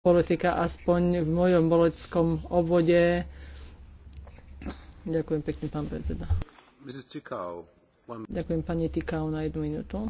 politika aspoň v mojom boleckom obvode. Ďakujem pekne, pán predseda. Ďakujem pani Tikau na jednu minútu.